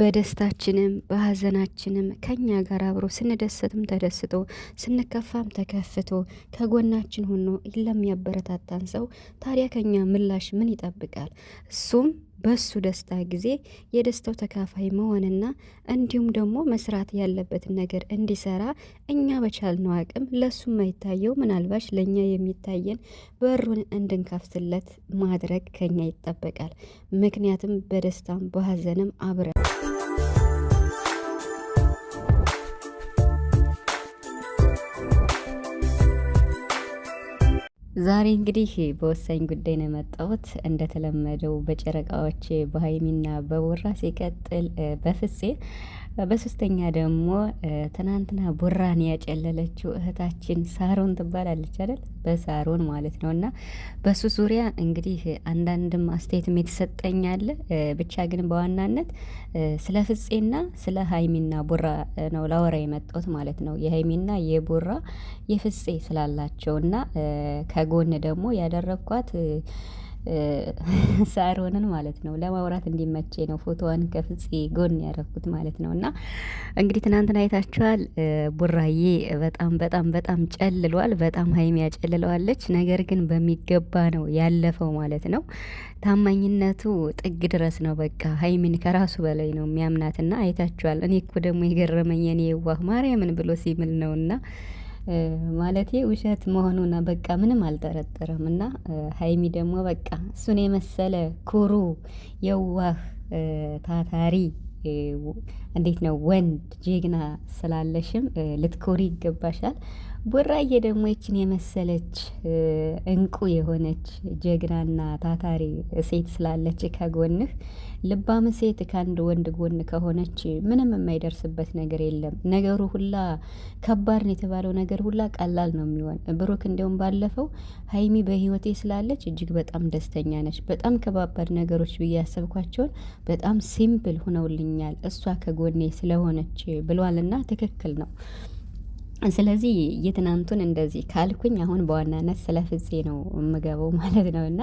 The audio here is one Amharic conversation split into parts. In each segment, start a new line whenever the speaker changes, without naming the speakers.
በደስታችንም በሀዘናችንም ከኛ ጋር አብሮ ስንደሰትም ተደስቶ ስንከፋም ተከፍቶ ከጎናችን ሆኖ ለሚያበረታታን ሰው ታዲያ ከኛ ምላሽ ምን ይጠብቃል? እሱም በሱ ደስታ ጊዜ የደስታው ተካፋይ መሆንና እንዲሁም ደግሞ መስራት ያለበትን ነገር እንዲሰራ እኛ በቻልነው አቅም ለሱ የማይታየው ምናልባሽ ለእኛ የሚታየን በሩን እንድንከፍትለት ማድረግ ከኛ ይጠበቃል። ምክንያቱም በደስታም በሀዘንም አብረን
ዛሬ እንግዲህ በወሳኝ ጉዳይ ነው የመጣሁት። እንደተለመደው በጨረቃዎች በሀይሚና በቦራ ሲቀጥል በፍፄ በሶስተኛ ደግሞ ትናንትና ቦራን ያጨለለችው እህታችን ሳሮን ትባላለች አይደል? በሳሮን ማለት ነው። እና በሱ ዙሪያ እንግዲህ አንዳንድም አስተያየትም የተሰጠኝ አለ። ብቻ ግን በዋናነት ስለ ፍፄና ስለ ሀይሚና ቦራ ነው ላወራ የመጣሁት ማለት ነው። የሀይሚና የቦራ የፍፄ ስላላቸው እና ጎን ደግሞ ያደረግኳት ሳሮንን ማለት ነው ለማውራት እንዲመቼ ነው ፎቶዋን ከፍጽ ጎን ያደረኩት ማለት ነው። እና እንግዲህ ትናንትና አይታችኋል። ቡራዬ በጣም በጣም በጣም ጨልሏል። በጣም ሀይሚ ያጨልለዋለች። ነገር ግን በሚገባ ነው ያለፈው ማለት ነው። ታማኝነቱ ጥግ ድረስ ነው። በቃ ሀይሚን ከራሱ በላይ ነው የሚያምናትና አይታችኋል። እኔ እኮ ደግሞ የገረመኝ የኔ የዋህ ማርያምን ብሎ ሲምል እና ማለት ውሸት መሆኑና በቃ ምንም አልጠረጠረም። እና ሀይሚ ደግሞ በቃ እሱን የመሰለ ኩሩ የዋህ ታታሪ እንዴት ነው ወንድ ጀግና ስላለሽም ልትኮሪ ይገባሻል። ቡራዬ ደግሞ ይችን የመሰለች እንቁ የሆነች ጀግናና ታታሪ ሴት ስላለች ከጎንህ ልባም ሴት ከአንድ ወንድ ጎን ከሆነች ምንም የማይደርስበት ነገር የለም። ነገሩ ሁላ ከባድ ነው የተባለው ነገር ሁላ ቀላል ነው የሚሆን። ብሩክ እንዲሁም ባለፈው ሀይሚ በህይወቴ ስላለች እጅግ በጣም ደስተኛ ነች። በጣም ከባባድ ነገሮች ብዬ ያሰብኳቸውን በጣም ሲምፕል ሆነውልኛል እሷ ከጎኔ ስለሆነች ብሏልና ትክክል ነው። ስለዚህ የትናንቱን እንደዚህ ካልኩኝ አሁን በዋናነት ስለ ፍፄ ነው የምገባው ማለት ነው። እና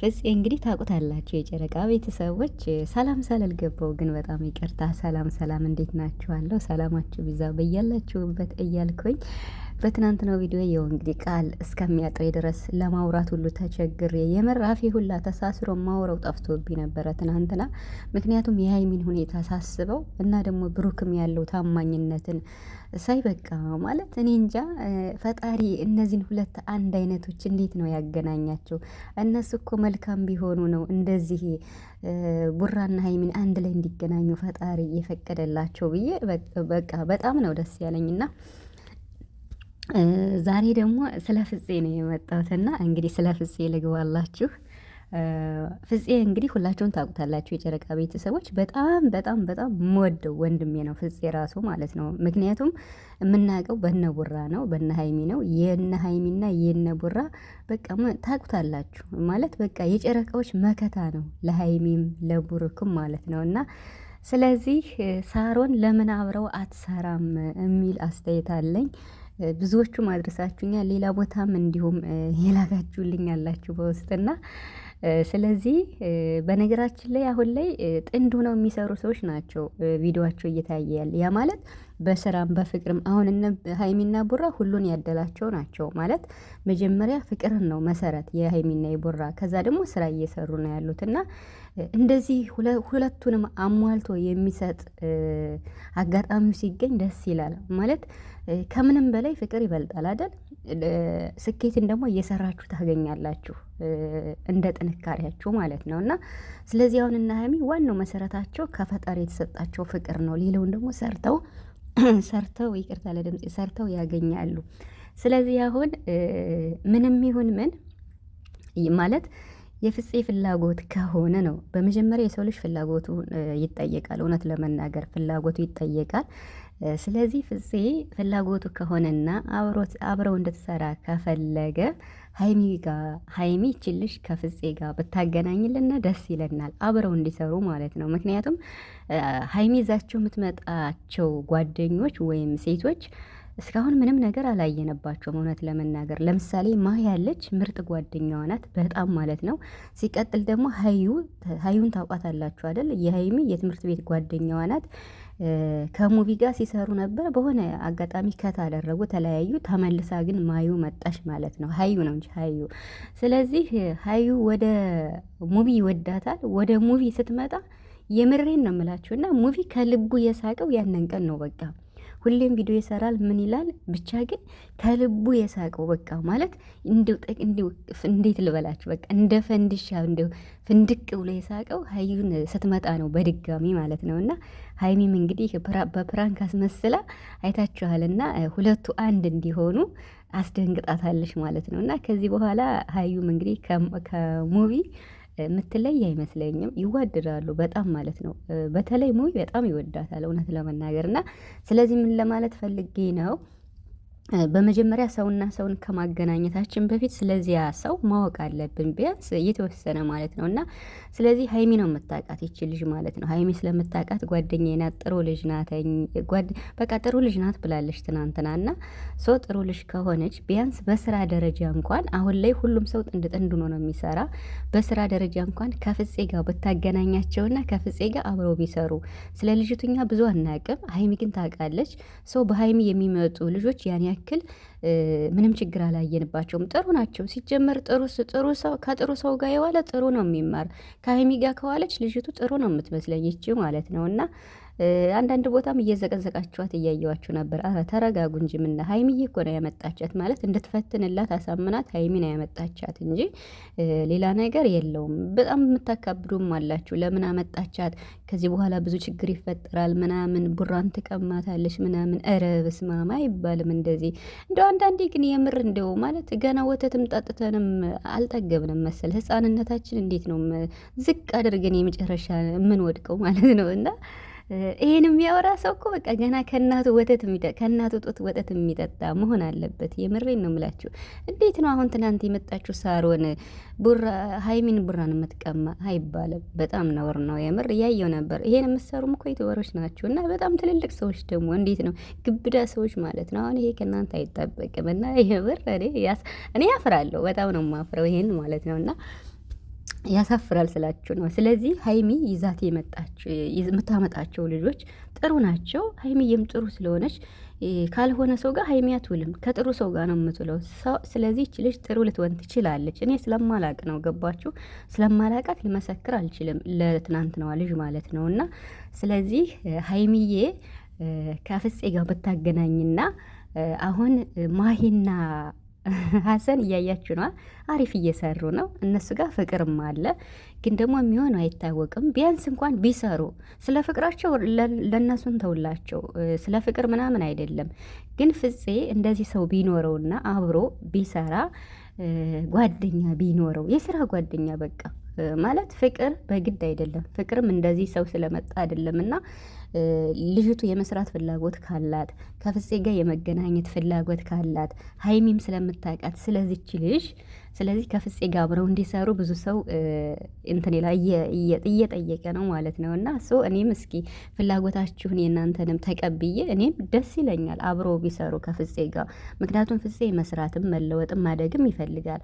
ፍፄ እንግዲህ ታውቁታላችሁ የጨረቃ ቤተሰቦች። ሰላም ገባው ግን በጣም ይቅርታ። ሰላም ሰላም፣ እንዴት ናችኋለሁ? ሰላማችሁ ብዛ በያላችሁበት እያልኩኝ በትናንትናው ቪዲዮ የው እንግዲህ ቃል እስከሚያጥሬ ድረስ ለማውራት ሁሉ ተቸግሬ የምር አፌ ሁላ ተሳስሮ ማውረው ጠፍቶብኝ ነበረ ትናንትና። ምክንያቱም የሀይሚን ሁኔታ ሳስበው እና ደግሞ ብሩክም ያለው ታማኝነትን ሳይ በቃ ማለት እኔ እንጃ ፈጣሪ እነዚህን ሁለት አንድ አይነቶች እንዴት ነው ያገናኛቸው? እነሱ እኮ መልካም ቢሆኑ ነው እንደዚህ ቡራና ሀይሚን አንድ ላይ እንዲገናኙ ፈጣሪ የፈቀደላቸው ብዬ በቃ በጣም ነው ደስ ያለኝና ዛሬ ደግሞ ስለ ፍፄ ነው የመጣሁትና እንግዲህ ስለ ፍፄ ልግባላችሁ። ፍፄ እንግዲህ ሁላችሁን ታውቁታላችሁ የጨረቃ ቤተሰቦች። በጣም በጣም በጣም የምወደው ወንድሜ ነው ፍፄ ራሱ ማለት ነው። ምክንያቱም የምናውቀው በነ ቡራ ነው በነ ሀይሚ ነው። የነ ሀይሚና የነ ቡራ በቃ ታውቁታላችሁ ማለት በቃ የጨረቃዎች መከታ ነው ለሀይሚም ለቡርኩም ማለት ነው እና ስለዚህ ሳሮን ለምን አብረው አትሰራም የሚል አስተያየት አለኝ። ብዙዎቹ ማድረሳችሁኛል። ሌላ ቦታም እንዲሁም የላጋችሁልኝ ያላችሁ በውስጥና ስለዚህ በነገራችን ላይ አሁን ላይ ጥንድ ሆነው የሚሰሩ ሰዎች ናቸው ቪዲዮቸው እየታየ ያለ። ያ ማለት በስራም በፍቅርም አሁን እነ ሀይሚና ቡራ ሁሉን ያደላቸው ናቸው ማለት መጀመሪያ ፍቅርን ነው መሰረት የሀይሚና የቡራ ከዛ ደግሞ ስራ እየሰሩ ነው ያሉትና እና እንደዚህ ሁለቱንም አሟልቶ የሚሰጥ አጋጣሚው ሲገኝ ደስ ይላል። ማለት ከምንም በላይ ፍቅር ይበልጣል አይደል? ስኬትን ደግሞ እየሰራችሁ ታገኛላችሁ፣ እንደ ጥንካሬያችሁ ማለት ነው። እና ስለዚህ አሁን እና ሀሚ ዋናው መሰረታቸው ከፈጣሪ የተሰጣቸው ፍቅር ነው። ሌላውን ደግሞ ሰርተው ሰርተው ይቅርታ ለድምፅ ሰርተው ያገኛሉ። ስለዚህ አሁን ምንም ይሁን ምን ማለት የፍፄ ፍላጎት ከሆነ ነው። በመጀመሪያ የሰው ልጅ ፍላጎቱ ይጠየቃል። እውነት ለመናገር ፍላጎቱ ይጠየቃል። ስለዚህ ፍፄ ፍላጎቱ ከሆነና አብረው እንድትሰራ ከፈለገ ሀይሚ ጋር ሀይሚ ችልሽ ከፍፄ ጋር ብታገናኝልና ደስ ይለናል። አብረው እንዲሰሩ ማለት ነው። ምክንያቱም ሀይሚ ይዛቸው የምትመጣቸው ጓደኞች ወይም ሴቶች እስካሁን ምንም ነገር አላየነባቸውም። እውነት ለመናገር ለምሳሌ ማ ያለች ምርጥ ጓደኛዋ ናት በጣም ማለት ነው። ሲቀጥል ደግሞ ሀዩ ሀዩን ታውቋታላችሁ አይደል? የሀይሚ የትምህርት ቤት ጓደኛዋ ናት። ከሙቪ ጋር ሲሰሩ ነበር። በሆነ አጋጣሚ ከት አደረጉ፣ ተለያዩ። ተመልሳ ግን ማዩ መጣሽ ማለት ነው። ሀዩ ነው እንጂ ሀዩ። ስለዚህ ሀዩ ወደ ሙቪ ይወዳታል። ወደ ሙቪ ስትመጣ የምሬን ነው የምላችሁ እና ሙቪ ከልቡ የሳቀው ያንን ቀን ነው በቃ ሁሌም ቪዲዮ ይሰራል ምን ይላል ብቻ ግን ከልቡ የሳቀው በቃ ማለት እንዴት ልበላችሁ በቃ እንደ ፈንድሻ ፍንድቅ ብሎ የሳቀው ሀዩን ስትመጣ ነው በድጋሚ ማለት ነው። እና ሀይሚም እንግዲህ በፕራንክ አስመስላ አይታችኋልና ሁለቱ አንድ እንዲሆኑ አስደንግጣታለች ማለት ነው። እና ከዚህ በኋላ ሀዩም እንግዲህ ከሙቪ የምትለይ አይመስለኝም። ይዋደዳሉ በጣም ማለት ነው። በተለይ ሞይ በጣም ይወዳታል እውነት ለመናገር እና ስለዚህ ምን ለማለት ፈልጌ ነው በመጀመሪያ ሰውና ሰውን ከማገናኘታችን በፊት ስለዚያ ሰው ማወቅ አለብን፣ ቢያንስ እየተወሰነ ማለት ነው። እና ስለዚህ ሀይሚ ነው የምታውቃት ይቺ ልጅ ማለት ነው። ሀይሚ ስለምታውቃት ጓደኛዬ ናት፣ ጥሩ ልጅ ናት፣ በቃ ጥሩ ልጅ ናት ብላለች ትናንትና። እና ሰው ጥሩ ልጅ ከሆነች ቢያንስ በስራ ደረጃ እንኳን አሁን ላይ ሁሉም ሰው ጥንድ ጥንድ ነው የሚሰራ። በስራ ደረጃ እንኳን ከፍጼ ጋር ብታገናኛቸውና ከፍጼ ጋር አብረው ቢሰሩ። ስለ ልጅቱኛ ብዙ አናቅም። ሀይሚ ግን ታውቃለች። ሰው በሀይሚ የሚመጡ ልጆች ያን ያክል ምንም ችግር አላየንባቸውም። ጥሩ ናቸው። ሲጀመር ጥሩ ጥሩ ሰው ከጥሩ ሰው ጋር የዋለ ጥሩ ነው የሚማር። ከሀይሚ ጋር ከዋለች ልጅቱ ጥሩ ነው የምትመስለኝ ይቺ ማለት ነው እና አንዳንድ ቦታም እየዘቀዘቃችኋት እያየዋችሁ ነበር። ኧረ ተረጋጉ እንጂ ምን ሀይሚዬ እኮ ነው ያመጣቻት ማለት እንድትፈትንላት አሳምናት ሀይሚ ነው ያመጣቻት እንጂ ሌላ ነገር የለውም። በጣም የምታካብዱም አላችሁ። ለምን አመጣቻት? ከዚህ በኋላ ብዙ ችግር ይፈጠራል ምናምን፣ ቡራን ትቀማታለች ምናምን። ኧረ በስመ አብ አይባልም እንደዚህ። እንደው አንዳንዴ ግን የምር እንደው ማለት ገና ወተትም ጠጥተንም አልጠገብንም መሰል ህፃንነታችን እንዴት ነው ዝቅ አድርገን የመጨረሻ የምንወድቀው ማለት ነው እና ይሄን የሚያወራ ሰው እኮ በቃ ገና ከእናቱ ወተት ከእናቱ ጡት ወተት የሚጠጣ መሆን አለበት። የምሬን ነው የምላችሁ። እንዴት ነው አሁን ትናንት የመጣችሁ ሳሮን ቡራ ሀይሚን ቡራን የምትቀማ አይባልም። በጣም ነውር ነው የምር። እያየው ነበር። ይሄን የምትሰሩም እኮ የተወሮች ናችሁ እና በጣም ትልልቅ ሰዎች ደግሞ እንዴት ነው ግብዳ ሰዎች ማለት ነው። አሁን ይሄ ከእናንተ አይጠበቅም እና የምር እኔ ያፍራለሁ። በጣም ነው የማፍረው ይሄን ማለት ነው እና ያሳፍራል ስላችሁ ነው። ስለዚህ ሀይሚ ይዛት የምታመጣቸው ልጆች ጥሩ ናቸው። ሀይሚዬም ጥሩ ስለሆነች ካልሆነ ሰው ጋር ሀይሚ አትውልም፣ ከጥሩ ሰው ጋር ነው የምትውለው። ስለዚህ ልጅ ጥሩ ልትወን ትችላለች። እኔ ስለማላቅ ነው ገባችሁ? ስለማላቃት ልመሰክር አልችልም። ነዋ ልጅ ማለት ነው። እና ስለዚህ ሀይሚዬ ከፍፄ ጋር ብታገናኝና አሁን ማሂና ሀሰን እያያችሁ ነዋ። አሪፍ እየሰሩ ነው። እነሱ ጋር ፍቅርም አለ፣ ግን ደግሞ የሚሆነው አይታወቅም። ቢያንስ እንኳን ቢሰሩ ስለ ፍቅራቸው ለእነሱን ተውላቸው፣ ስለ ፍቅር ምናምን አይደለም። ግን ፍፄ እንደዚህ ሰው ቢኖረውና አብሮ ቢሰራ ጓደኛ ቢኖረው የስራ ጓደኛ በቃ ማለት ፍቅር በግድ አይደለም። ፍቅርም እንደዚህ ሰው ስለመጣ አይደለም እና ልጅቱ የመስራት ፍላጎት ካላት ከፍፄ ጋር የመገናኘት ፍላጎት ካላት ሀይሚም ስለምታውቃት ስለዚች ልጅ ስለዚህ ከፍፄ ጋር አብረው እንዲሰሩ ብዙ ሰው እንትን ላይ እየጠየቀ ነው ማለት ነው። እና ሶ እኔም እስኪ ፍላጎታችሁን የእናንተንም ተቀብዬ እኔም ደስ ይለኛል አብሮ ቢሰሩ ከፍፄ ጋር። ምክንያቱም ፍፄ መስራትም መለወጥም ማደግም ይፈልጋል።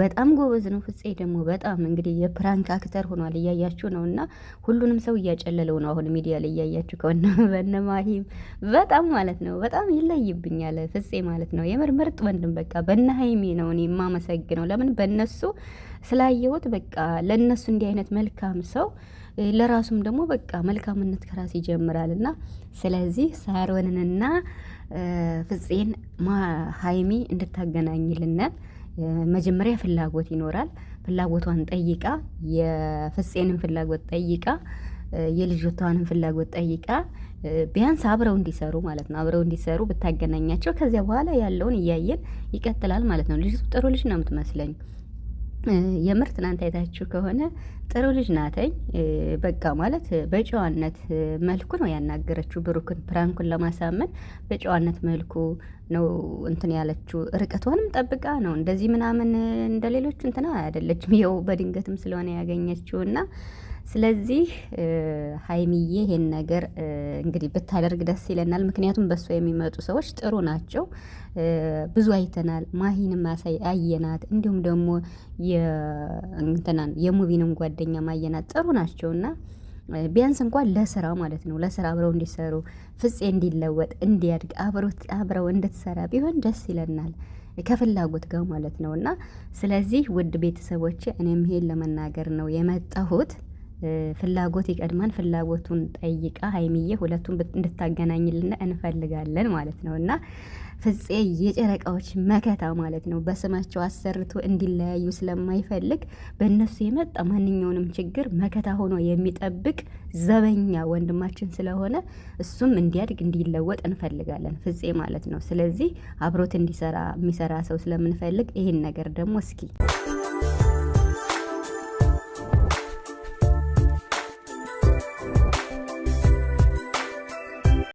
በጣም ጎበዝ ነው። ፍፄ ደግሞ በጣም እንግዲህ የፕራንክ አክተር ሆኗል፣ እያያችሁ ነው። እና ሁሉንም ሰው እያጨለለው ነው አሁን ሚዲያ ላይ እያያችሁ ከሆነ በነማሂም በጣም ማለት ነው በጣም ይለይብኛል ፍፄ ማለት ነው። የምር ምርጥ ወንድም በቃ በነሀይሜ ነው እኔ የማመሰግነው። ለምን በእነሱ ስላየሁት በቃ ለእነሱ እንዲህ አይነት መልካም ሰው ለራሱም ደግሞ በቃ መልካምነት ከራስ ይጀምራል እና ስለዚህ ሳሮንንና ፍፄን ሀይሚ እንድታገናኝልን መጀመሪያ ፍላጎት ይኖራል። ፍላጎቷን ጠይቃ የፍጼንን ፍላጎት ጠይቃ የልጆቷንም ፍላጎት ጠይቃ ቢያንስ አብረው እንዲሰሩ ማለት ነው። አብረው እንዲሰሩ ብታገናኛቸው ከዚያ በኋላ ያለውን እያየን ይቀጥላል ማለት ነው። ልጅቱ ጥሩ ልጅ ነው የምትመስለኝ። የምር ትናንት አይታችሁ ከሆነ ጥሩ ልጅ ናተኝ። በቃ ማለት በጨዋነት መልኩ ነው ያናገረችው ብሩክን ፕራንኩን ለማሳመን በጨዋነት መልኩ ነው እንትን ያለችው። ርቀቷንም ጠብቃ ነው እንደዚህ ምናምን እንደሌሎች እንትና አይደለችም። ይኸው በድንገትም ስለሆነ ያገኘችው እና ስለዚህ ሀይሚዬ ይሄን ነገር እንግዲህ ብታደርግ ደስ ይለናል። ምክንያቱም በእሷ የሚመጡ ሰዎች ጥሩ ናቸው። ብዙ አይተናል። ማሂንም አሳይ አየናት፣ እንዲሁም ደግሞ የሙቢንም ጓደኛ ማየናት ጥሩ ናቸውና ቢያንስ እንኳን ለስራ ማለት ነው ለስራ አብረው እንዲሰሩ ፍፄ እንዲለወጥ እንዲያድግ አብረው እንድትሰራ ቢሆን ደስ ይለናል ከፍላጎት ጋር ማለት ነው እና ስለዚህ ውድ ቤተሰቦች እኔም ይሄን ለመናገር ነው የመጣሁት። ፍላጎት ይቀድማን። ፍላጎቱን ጠይቃ ሀይሚዬ ሁለቱን እንድታገናኝልና እንፈልጋለን ማለት ነው እና ፍፄ የጨረቃዎች መከታ ማለት ነው። በስማቸው አሰርቶ እንዲለያዩ ስለማይፈልግ በእነሱ የመጣ ማንኛውንም ችግር መከታ ሆኖ የሚጠብቅ ዘበኛ ወንድማችን ስለሆነ እሱም እንዲያድግ እንዲለወጥ እንፈልጋለን ፍፄ ማለት ነው። ስለዚህ አብሮት እንዲሰራ የሚሰራ ሰው ስለምንፈልግ ይህን ነገር ደግሞ እስኪ